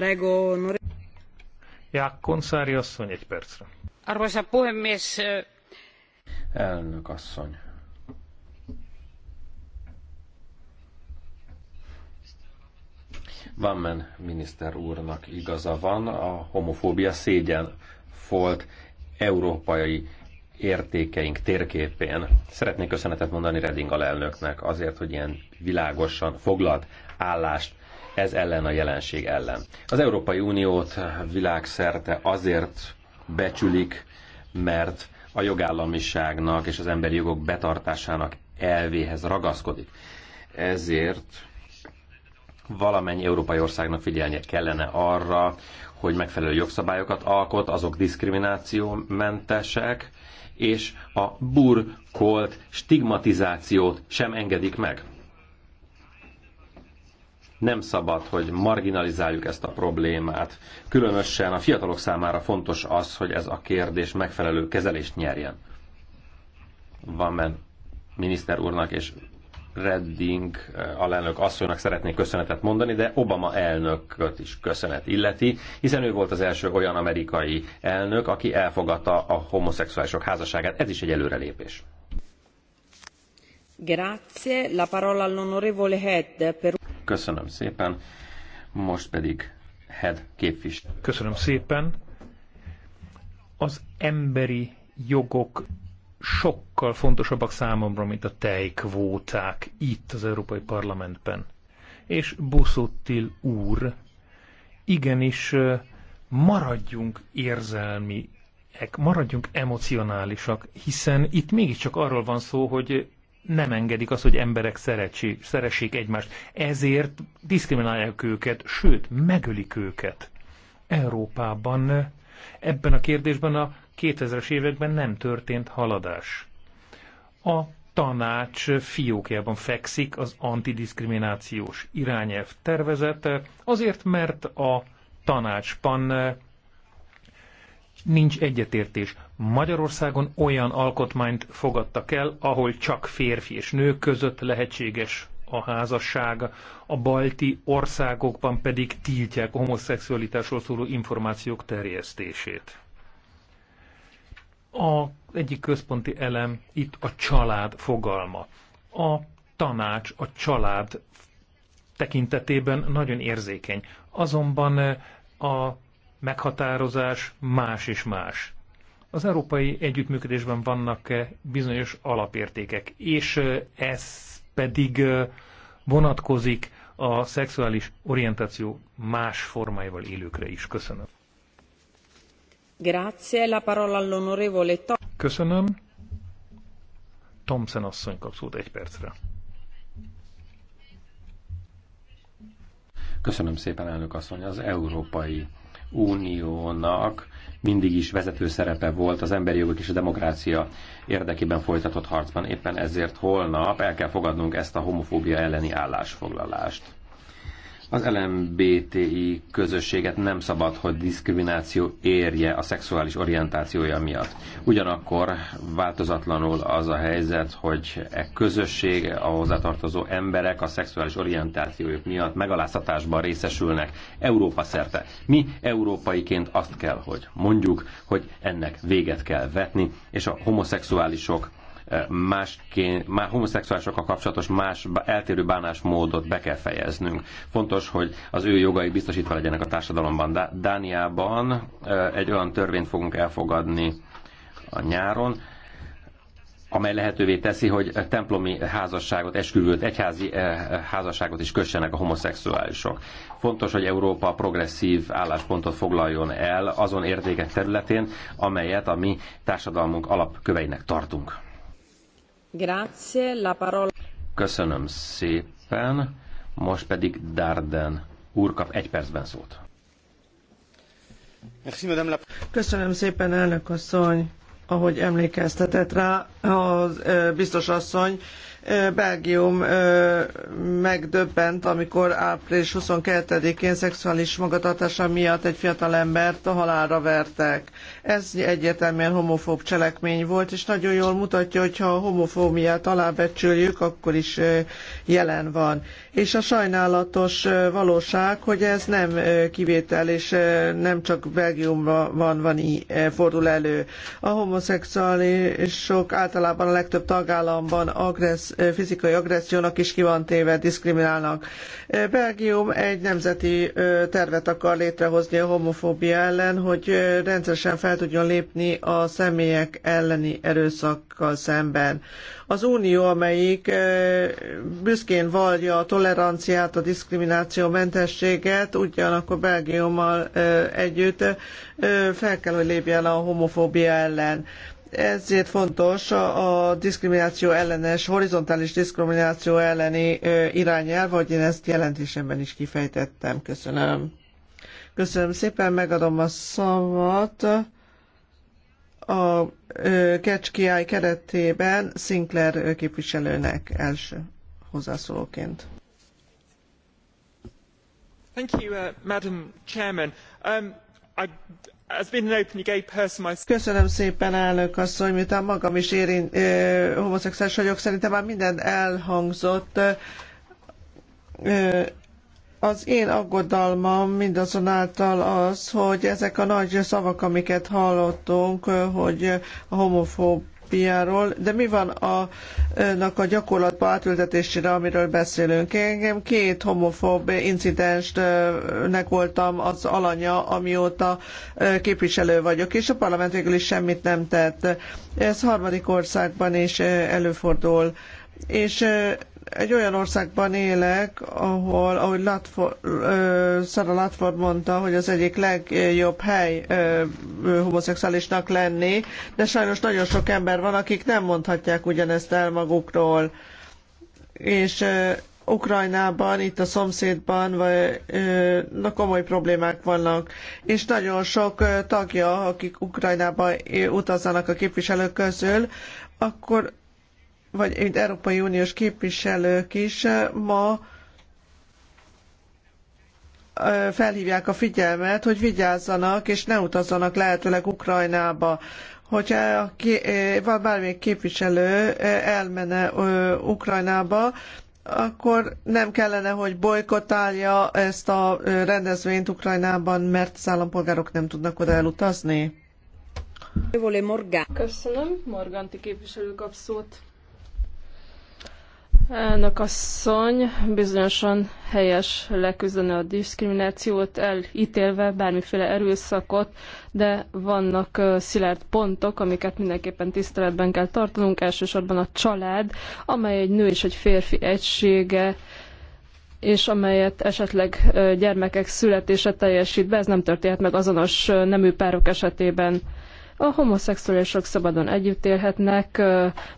Prego, onore... asszony, egy percre. Arvoisa puhemies. Elnök asszony. Vammen miniszter úrnak igaza van, a homofóbia szégyen volt európai értékeink térképén. Szeretnék köszönetet mondani Reding alelnöknek azért, hogy ilyen világosan foglalt állást ez ellen a jelenség ellen. Az Európai Uniót világszerte azért becsülik, mert a jogállamiságnak és az emberi jogok betartásának elvéhez ragaszkodik. Ezért valamennyi európai országnak figyelnie kellene arra, hogy megfelelő jogszabályokat alkot, azok diszkriminációmentesek, és a burkolt stigmatizációt sem engedik meg. Nem szabad, hogy marginalizáljuk ezt a problémát. Különösen a fiatalok számára fontos az, hogy ez a kérdés megfelelő kezelést nyerjen. Van men miniszter úrnak és Redding eh, alelnök asszonynak szeretnék köszönetet mondani, de Obama elnököt is köszönet illeti, hiszen ő volt az első olyan amerikai elnök, aki elfogadta a homoszexuálisok házasságát. Ez is egy előrelépés. Grazie. La parola all'onorevole Head per... Köszönöm szépen. Most pedig Head képviselő. Köszönöm szépen. Az emberi jogok sokkal fontosabbak számomra, mint a tejkvóták itt az Európai Parlamentben. És Buszottil úr, igenis maradjunk érzelmiek, maradjunk emocionálisak, hiszen itt mégiscsak arról van szó, hogy nem engedik azt, hogy emberek szeretsék, szeressék egymást. Ezért diszkriminálják őket, sőt, megölik őket. Európában ebben a kérdésben a 2000-es években nem történt haladás. A tanács fiókjában fekszik az antidiszkriminációs irányelv tervezete, azért mert a tanácsban nincs egyetértés. Magyarországon olyan alkotmányt fogadtak el, ahol csak férfi és nő között lehetséges a házasság, a balti országokban pedig tiltják a homoszexualitásról szóló információk terjesztését. A egyik központi elem itt a család fogalma. A tanács a család tekintetében nagyon érzékeny. Azonban eh, a meghatározás más és más. Az európai együttműködésben vannak eh, bizonyos alapértékek, és eh, ez pedig eh, vonatkozik a szexuális orientáció más formáival élőkre is. Köszönöm. Grazie, la parola all'onorevole Köszönöm. Thompson asszony kap szót egy percre. Köszönöm szépen, elnök asszony. Az európai Uniónak mindig is vezető szerepe volt az emberi jogok és a demokrácia érdekében folytatott harcban. Éppen ezért holnap el kell fogadnunk ezt a homofóbia elleni állásfoglalást. Az LMBTI közösséget nem szabad, hogy diszkrimináció érje a szexuális orientációja miatt. Ugyanakkor változatlanul az a helyzet, hogy e közösség, a hozzátartozó emberek a szexuális orientációjuk miatt megaláztatásban részesülnek Európa szerte. Mi európaiként azt kell, hogy mondjuk, hogy ennek véget kell vetni, és a homoszexuálisok másként, más homoszexuálisokkal kapcsolatos más eltérő bánásmódot be kell fejeznünk. Fontos, hogy az ő jogai biztosítva legyenek a társadalomban. Dániában egy olyan törvényt fogunk elfogadni a nyáron, amely lehetővé teszi, hogy templomi házasságot, esküvőt, egyházi házasságot is kössenek a homoszexuálisok. Fontos, hogy Európa progresszív álláspontot foglaljon el azon értékek területén, amelyet a mi társadalmunk alapköveinek tartunk. Köszönöm szépen. Most pedig Darden úr kap egy percben szót. Köszönöm szépen, elnök asszony. Ahogy emlékeztetett rá, az biztos asszony Belgium megdöbbent, amikor április 22-én szexuális magatartása miatt egy fiatalembert a halálra vertek. Ez egyértelműen homofób cselekmény volt, és nagyon jól mutatja, hogy ha a homofóbiát alábecsüljük, akkor is jelen van. És a sajnálatos valóság, hogy ez nem kivétel, és nem csak Belgiumban van, van fordul elő. A homoszexuálisok általában a legtöbb tagállamban agressz fizikai agressziónak is ki van téve, diszkriminálnak. Belgium egy nemzeti tervet akar létrehozni a homofóbia ellen, hogy rendszeresen fel tudjon lépni a személyek elleni erőszakkal szemben. Az Unió, amelyik büszkén vallja a toleranciát, a diszkrimináció mentességet, ugyanakkor Belgiummal együtt fel kell, hogy lépjen a homofóbia ellen ezért fontos a, diszkrimináció ellenes, horizontális diszkrimináció elleni irányelv, vagy én ezt jelentésemben is kifejtettem. Köszönöm. Köszönöm szépen, megadom a szavat a Kecskiáj keretében Sinclair képviselőnek első hozzászólóként. Thank you, uh, Madam Chairman. Um, I, Köszönöm szépen, elnök asszony, miután magam is érint, homoszexuális vagyok, szerintem már minden elhangzott. az én aggodalmam mindazonáltal az, hogy ezek a nagy szavak, amiket hallottunk, hogy a homofób utópiáról, de mi van a, annak a gyakorlatba átültetésére, amiről beszélünk? Engem két homofób incidensnek voltam az alanya, amióta képviselő vagyok, és a parlament végül is semmit nem tett. Ez harmadik országban is előfordul és egy olyan országban élek, ahol, ahogy Szara Latford mondta, hogy az egyik legjobb hely ö, homoszexuálisnak lenni, de sajnos nagyon sok ember van, akik nem mondhatják ugyanezt el magukról. És ö, Ukrajnában, itt a szomszédban vagy, na, komoly problémák vannak, és nagyon sok tagja, akik Ukrajnába utazzanak a képviselők közül, akkor vagy mint Európai Uniós képviselők is eh, ma eh, felhívják a figyelmet, hogy vigyázzanak és ne utazzanak lehetőleg Ukrajnába. Hogyha eh, bármilyen képviselő elmene Ukrajnába, akkor nem kellene, hogy bolykotálja ezt a rendezvényt Ukrajnában, mert az állampolgárok nem tudnak oda elutazni. Köszönöm. Morganti képviselő kap szót. Elnök asszony bizonyosan helyes leküzdeni a diszkriminációt, elítélve bármiféle erőszakot, de vannak szilárd pontok, amiket mindenképpen tiszteletben kell tartanunk, elsősorban a család, amely egy nő és egy férfi egysége, és amelyet esetleg gyermekek születése teljesít be, ez nem történhet meg azonos nemű párok esetében. A homoszexuálisok szabadon együtt élhetnek,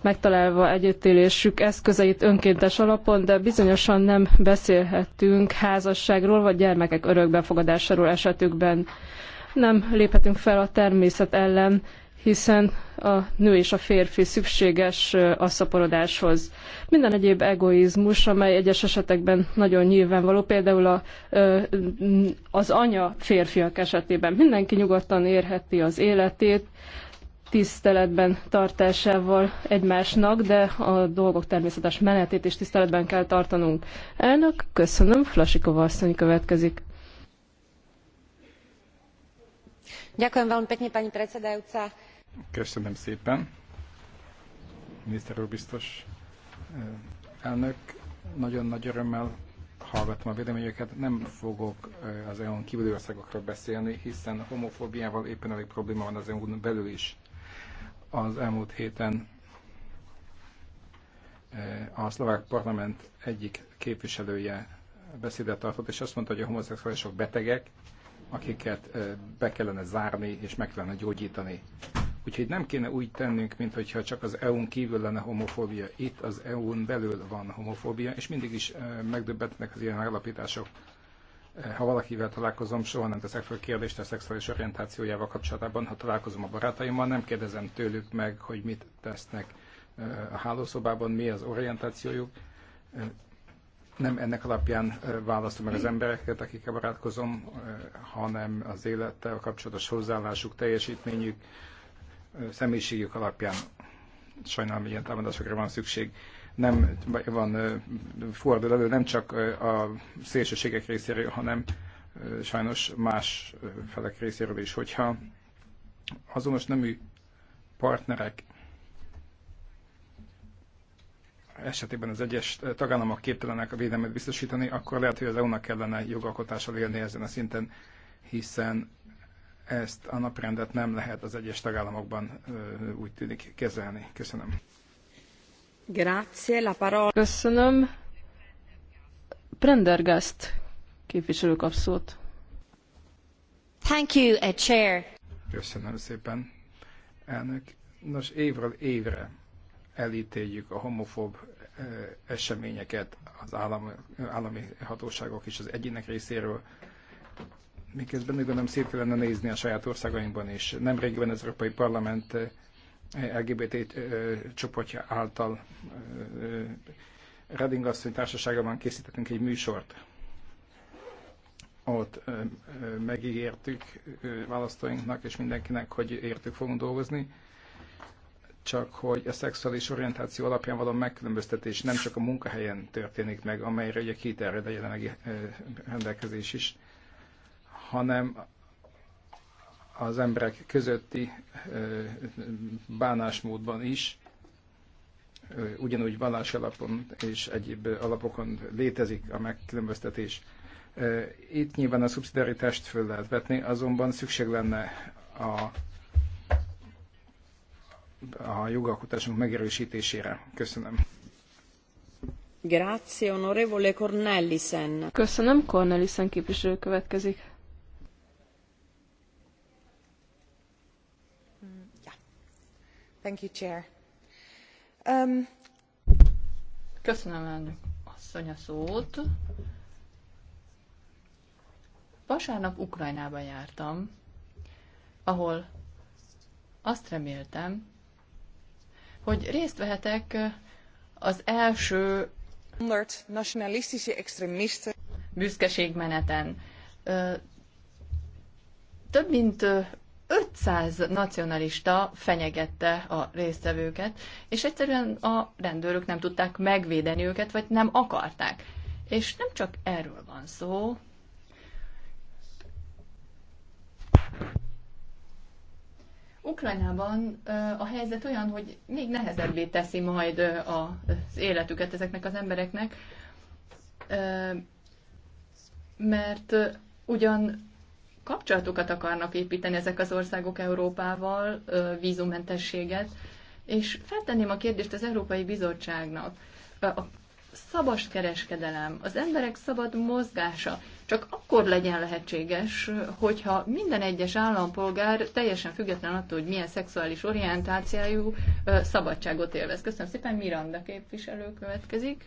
megtalálva együttélésük eszközeit önkéntes alapon, de bizonyosan nem beszélhetünk házasságról vagy gyermekek örökbefogadásáról esetükben. Nem léphetünk fel a természet ellen, hiszen a nő és a férfi szükséges a szaporodáshoz. Minden egyéb egoizmus, amely egyes esetekben nagyon nyilvánvaló, például a, az anya férfiak esetében. Mindenki nyugodtan érheti az életét, tiszteletben tartásával egymásnak, de a dolgok természetes menetét is tiszteletben kell tartanunk. Elnök, köszönöm, Flasikova asszony következik. Ďakujem veľmi pekne, pani predsedajúca Köszönöm szépen. Miniszter úr biztos elnök, nagyon nagy örömmel hallgatom a véleményeket. Nem fogok az EU-n kívüli országokról beszélni, hiszen a homofóbiával éppen elég probléma van az eu belül is. Az elmúlt héten a szlovák parlament egyik képviselője beszédet tartott, és azt mondta, hogy a homoszexuálisok betegek, akiket be kellene zárni és meg kellene gyógyítani. Úgyhogy nem kéne úgy tennünk, mintha csak az EU-n kívül lenne homofóbia. Itt az EU-n belül van homofóbia, és mindig is eh, megdöbbentnek az ilyen állapítások. Eh, ha valakivel találkozom, soha nem teszek fel kérdést a szexuális orientációjával kapcsolatban. Ha találkozom a barátaimmal, nem kérdezem tőlük meg, hogy mit tesznek eh, a hálószobában, mi az orientációjuk. Nem ennek alapján választom meg az embereket, akikkel barátkozom, hanem az élettel kapcsolatos hozzáállásuk, teljesítményük, személyiségük alapján sajnálom, ilyen támadásokra van szükség, nem van fordul elő, nem csak a szélsőségek részéről, hanem sajnos más felek részéről is, hogyha azonos nemű partnerek esetében az egyes tagállamok képtelenek a védelmet biztosítani, akkor lehet, hogy az EU-nak kellene jogalkotással élni ezen a szinten, hiszen ezt a naprendet nem lehet az egyes tagállamokban úgy tűnik kezelni. Köszönöm. Grazie, la parola. Köszönöm. Prendergast képviselő kap szót. Thank you, a eh, chair. Köszönöm szépen, elnök. Nos, évről évre elítéljük a homofób eseményeket az állami, állami hatóságok és az egyének részéről, miközben úgy gondolom szép lenne nézni a saját országainkban is. Nemrégiben az Európai Parlament eh, LGBT eh, csoportja által eh, Reding asszony társaságában készítettünk egy műsort. Ott megígértük választóinknak és mindenkinek, hogy értük fogunk dolgozni, csak hogy a szexuális orientáció alapján való megkülönböztetés nem csak a munkahelyen történik meg, amelyre ugye kiterjed a jelenlegi rendelkezés is, hanem az emberek közötti bánásmódban is, ugyanúgy vallás alapon és egyéb alapokon létezik a megkülönböztetés. Itt nyilván a szubszidiaritást föl lehet vetni, azonban szükség lenne a, a jogalkotásunk megerősítésére. Köszönöm. Grazie, onorevole Cornelissen. Köszönöm, Cornelisen képviselő következik. Um, Köszönöm elnök asszony a szót. Vasárnap Ukrajnában jártam, ahol azt reméltem, hogy részt vehetek az első nationalistische extremisten büszkeségmeneten. Több mint 500 nacionalista fenyegette a résztvevőket, és egyszerűen a rendőrök nem tudták megvédeni őket, vagy nem akarták. És nem csak erről van szó. Ukrajnában a helyzet olyan, hogy még nehezebbé teszi majd az életüket ezeknek az embereknek, mert ugyan kapcsolatokat akarnak építeni ezek az országok Európával, vízumentességet, és feltenném a kérdést az Európai Bizottságnak. A szabas kereskedelem, az emberek szabad mozgása csak akkor legyen lehetséges, hogyha minden egyes állampolgár teljesen független attól, hogy milyen szexuális orientációjú szabadságot élvez. Köszönöm szépen, Miranda képviselő következik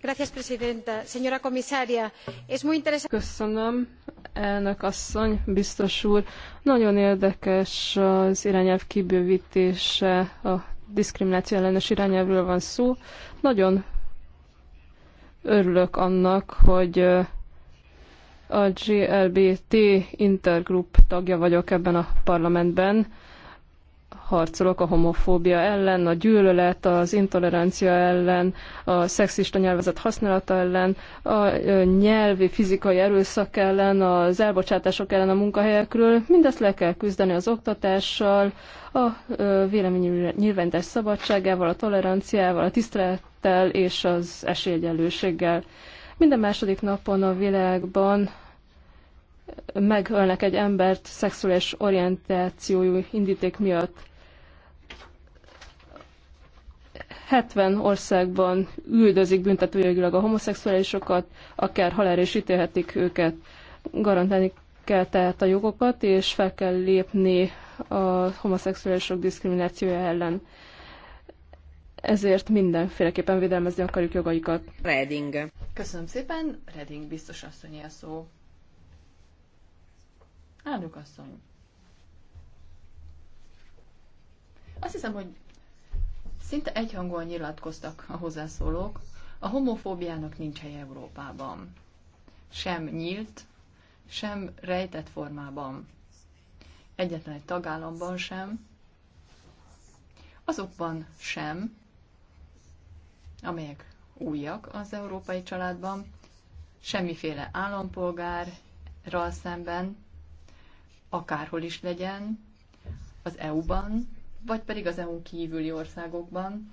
señora presidenta señora comisaria es muy interesante. köszönöm elnök asszony biztos úr nagyon érdekes az irányelv kibővítése a diszkrimináció ellenes irányelvről van szó nagyon örülök annak hogy a GLBT intergroup tagja vagyok ebben a parlamentben harcolok a homofóbia ellen, a gyűlölet, az intolerancia ellen, a szexista nyelvezet használata ellen, a nyelvi, fizikai erőszak ellen, az elbocsátások ellen a munkahelyekről. Mindezt le kell küzdeni az oktatással, a nyilvántás szabadságával, a toleranciával, a tisztelettel és az esélyegyenlőséggel. Minden második napon a világban megölnek egy embert szexuális orientációjú indíték miatt. 70 országban üldözik büntetőjogilag a homoszexuálisokat, akár halálra is ítélhetik őket. Garantálni kell tehát a jogokat, és fel kell lépni a homoszexuálisok diszkriminációja ellen. Ezért mindenféleképpen védelmezni akarjuk jogaikat. Reding. Köszönöm szépen, Reding biztos asszonyi a szó. Álljuk asszony. Azt hiszem, hogy Szinte egyhangúan nyilatkoztak a hozzászólók, a homofóbiának nincs hely Európában. Sem nyílt, sem rejtett formában. Egyetlen egy tagállamban sem, azokban sem, amelyek újak az európai családban, semmiféle állampolgárral szemben, akárhol is legyen, az EU-ban, vagy pedig az EU kívüli országokban,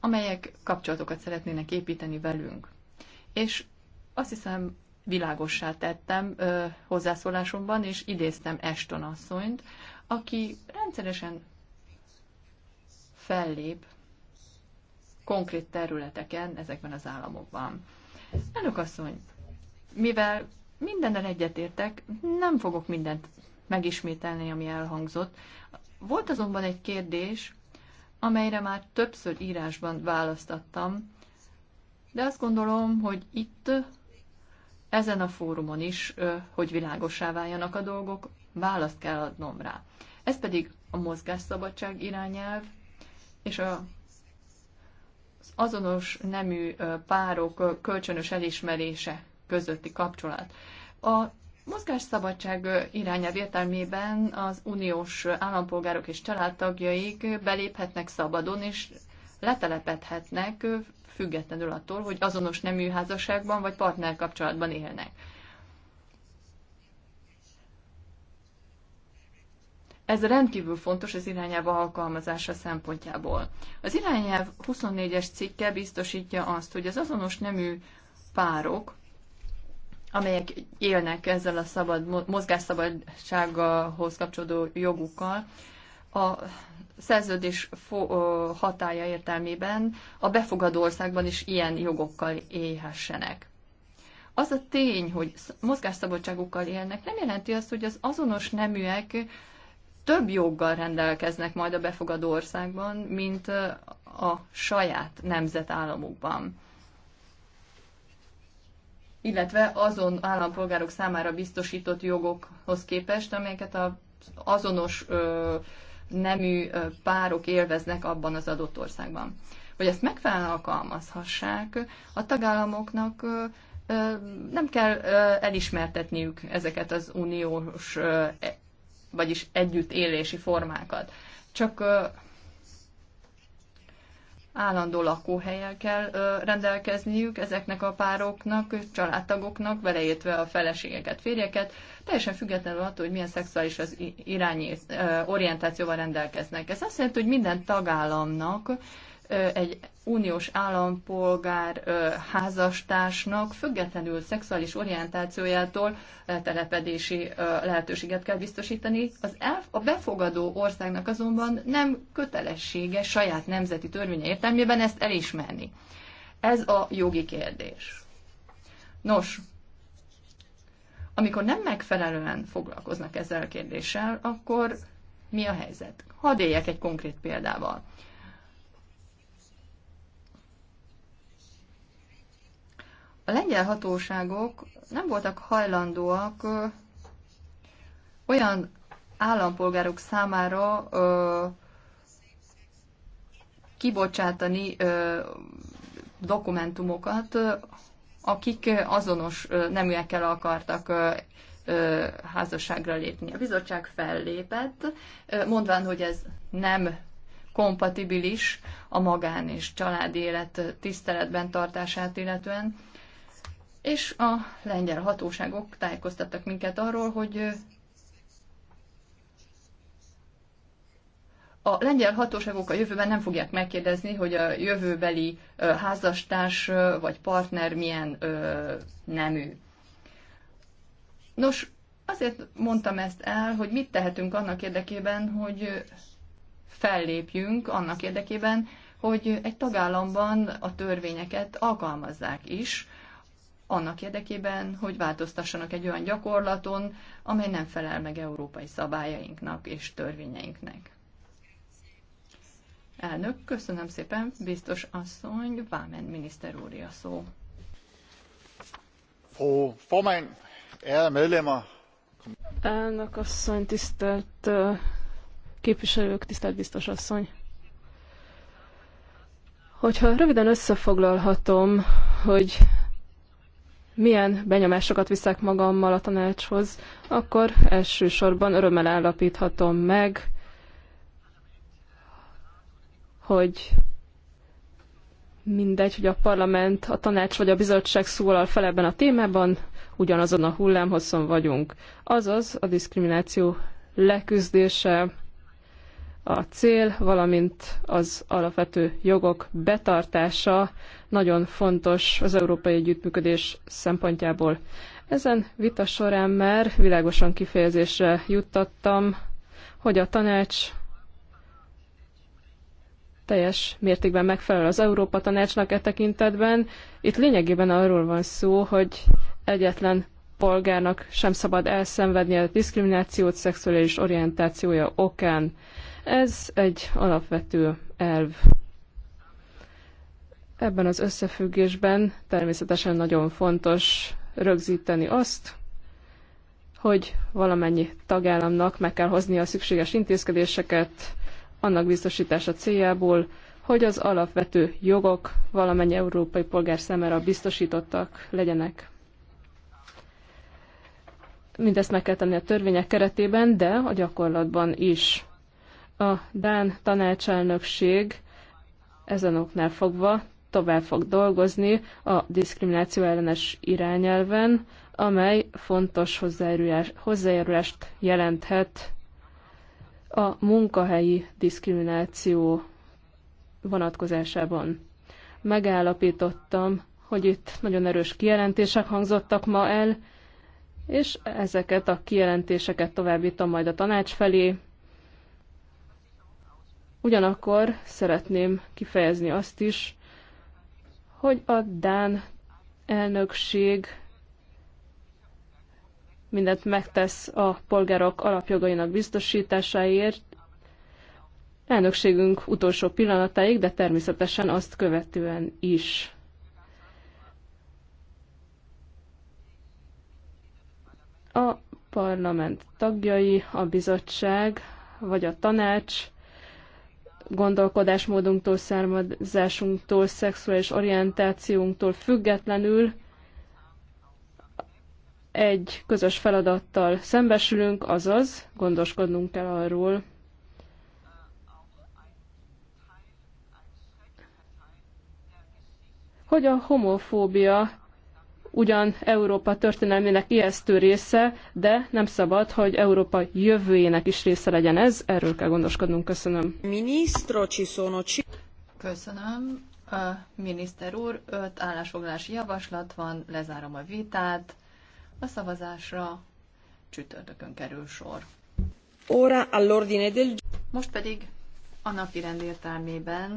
amelyek kapcsolatokat szeretnének építeni velünk. És azt hiszem, világossá tettem ö, hozzászólásomban, és idéztem Eston asszonyt, aki rendszeresen fellép konkrét területeken ezekben az államokban. Elnök asszony, mivel mindennel egyetértek, nem fogok mindent megismételni, ami elhangzott. Volt azonban egy kérdés, amelyre már többször írásban választattam, de azt gondolom, hogy itt, ezen a fórumon is, hogy világosá váljanak a dolgok, választ kell adnom rá. Ez pedig a mozgásszabadság irányelv, és a azonos nemű párok kölcsönös elismerése közötti kapcsolat. A mozgásszabadság irányelv értelmében az uniós állampolgárok és családtagjaik beléphetnek szabadon, és letelepedhetnek függetlenül attól, hogy azonos nemű házasságban vagy partnerkapcsolatban élnek. Ez rendkívül fontos az irányelv alkalmazása szempontjából. Az irányelv 24-es cikke biztosítja azt, hogy az azonos nemű párok amelyek élnek ezzel a szabad mozgásszabadsághoz kapcsolódó jogukkal, a szerződés hatája értelmében a befogadó országban is ilyen jogokkal élhessenek. Az a tény, hogy mozgásszabadságukkal élnek, nem jelenti azt, hogy az azonos neműek több joggal rendelkeznek majd a befogadó országban, mint a saját nemzetállamukban illetve azon állampolgárok számára biztosított jogokhoz képest, amelyeket az azonos ö, nemű párok élveznek abban az adott országban. Hogy ezt megfelelően alkalmazhassák, a tagállamoknak ö, nem kell ö, elismertetniük ezeket az uniós, ö, e, vagyis együttélési formákat. Csak állandó lakóhelyel kell rendelkezniük ezeknek a pároknak, családtagoknak, beleértve a feleségeket, férjeket, teljesen függetlenül attól, hogy milyen szexuális az irányi orientációval rendelkeznek. Ez azt jelenti, hogy minden tagállamnak egy uniós állampolgár házastársnak függetlenül szexuális orientációjától telepedési lehetőséget kell biztosítani. Az elf, a befogadó országnak azonban nem kötelessége saját nemzeti törvénye értelmében ezt elismerni. Ez a jogi kérdés. Nos, amikor nem megfelelően foglalkoznak ezzel a kérdéssel, akkor mi a helyzet? Hadd éljek egy konkrét példával. a lengyel hatóságok nem voltak hajlandóak olyan állampolgárok számára ö, kibocsátani ö, dokumentumokat, akik azonos neműekkel akartak ö, ö, házasságra lépni. A bizottság fellépett, mondván, hogy ez nem kompatibilis a magán és család élet tiszteletben tartását illetően és a lengyel hatóságok tájékoztattak minket arról, hogy a lengyel hatóságok a jövőben nem fogják megkérdezni, hogy a jövőbeli házastárs vagy partner milyen nemű. Nos, azért mondtam ezt el, hogy mit tehetünk annak érdekében, hogy fellépjünk annak érdekében, hogy egy tagállamban a törvényeket alkalmazzák is, annak érdekében, hogy változtassanak egy olyan gyakorlaton, amely nem felel meg európai szabályainknak és törvényeinknek. Elnök, köszönöm szépen, biztos asszony, Vámen miniszter úr a szó. Frau Formann, Elnök asszony, tisztelt képviselők, tisztelt biztos asszony. Hogyha röviden összefoglalhatom, hogy milyen benyomásokat viszek magammal a tanácshoz, akkor elsősorban örömmel állapíthatom meg, hogy mindegy, hogy a parlament, a tanács vagy a bizottság szólal fel ebben a témában, ugyanazon a hullámhosszon vagyunk. Azaz a diszkrimináció leküzdése, a cél, valamint az alapvető jogok betartása nagyon fontos az európai együttműködés szempontjából. Ezen vita során már világosan kifejezésre juttattam, hogy a tanács teljes mértékben megfelel az Európa Tanácsnak e tekintetben. Itt lényegében arról van szó, hogy egyetlen polgárnak sem szabad elszenvednie a diszkriminációt szexuális orientációja okán. Ez egy alapvető elv. Ebben az összefüggésben természetesen nagyon fontos rögzíteni azt, hogy valamennyi tagállamnak meg kell hozni a szükséges intézkedéseket annak biztosítása céljából, hogy az alapvető jogok valamennyi európai polgár számára biztosítottak legyenek. Mindezt meg kell tenni a törvények keretében, de a gyakorlatban is. A Dán tanácselnökség ezen oknál fogva tovább fog dolgozni a diszkrimináció ellenes irányelven, amely fontos hozzájárulást jelenthet a munkahelyi diszkrimináció vonatkozásában. Megállapítottam, hogy itt nagyon erős kijelentések hangzottak ma el, és ezeket a kijelentéseket továbbítom majd a tanács felé, Ugyanakkor szeretném kifejezni azt is, hogy a Dán elnökség mindent megtesz a polgárok alapjogainak biztosításáért, elnökségünk utolsó pillanatáig, de természetesen azt követően is. A parlament tagjai, a bizottság vagy a tanács gondolkodásmódunktól, származásunktól, szexuális orientációnktól függetlenül egy közös feladattal szembesülünk, azaz gondoskodnunk kell arról, hogy a homofóbia ugyan Európa történelmének ijesztő része, de nem szabad, hogy Európa jövőjének is része legyen ez. Erről kell gondoskodnunk. Köszönöm. Ministro, ci sono ci... Köszönöm. Miniszter úr, öt állásfoglalási javaslat van, lezárom a vitát. A szavazásra csütörtökön kerül sor. Ora all'ordine del... Most pedig a napi rend értelmében